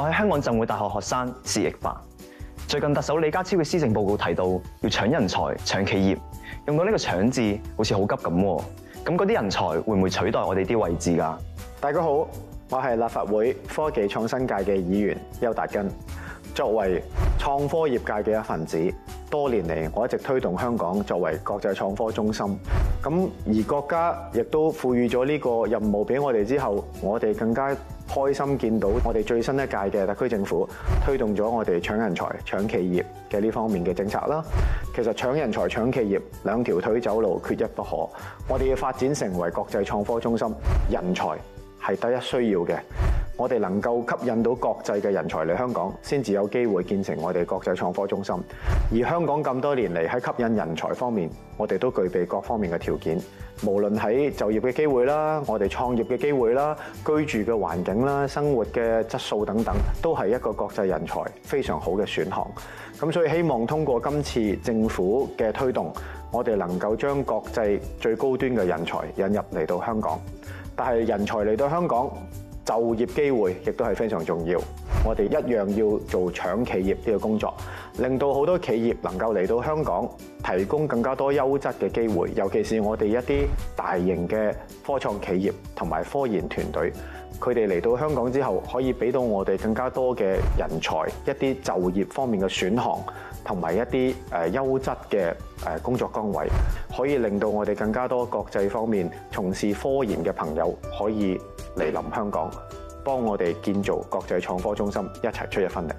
我係香港浸會大學學生薛奕凡。最近特首李家超嘅施政報告提到要搶人才、搶企業，用到呢個“搶”字，好似好急咁。咁嗰啲人才會唔會取代我哋啲位置噶？大家好，我係立法會科技創新界嘅議員邱達根。作為創科業界嘅一份子。多年嚟，我一直推動香港作為國際創科中心。咁而國家亦都賦予咗呢個任務俾我哋之後，我哋更加開心見到我哋最新一屆嘅特區政府推動咗我哋搶人才、搶企業嘅呢方面嘅政策啦。其實搶人才、搶企業兩條腿走路，缺一不可。我哋要發展成為國際創科中心，人才係第一需要嘅。我哋能夠吸引到國際嘅人才嚟香港，先至有機會建成我哋國際創科中心。而香港咁多年嚟喺吸引人才方面，我哋都具備各方面嘅條件，無論喺就業嘅機會啦、我哋創業嘅機會啦、居住嘅環境啦、生活嘅質素等等，都係一個國際人才非常好嘅選項。咁所以希望通過今次政府嘅推動，我哋能夠將國際最高端嘅人才引入嚟到香港。但係人才嚟到香港，就業機會亦都係非常重要，我哋一樣要做搶企業呢個工作，令到好多企業能夠嚟到香港，提供更加多優質嘅機會，尤其是我哋一啲大型嘅科創企業同埋科研團隊，佢哋嚟到香港之後可以俾到我哋更加多嘅人才，一啲就業方面嘅選項，同埋一啲誒優質嘅誒工作崗位，可以令到我哋更加多國際方面從事科研嘅朋友可以。嚟臨香港，幫我哋建造國際創科中心，一齊出一分力。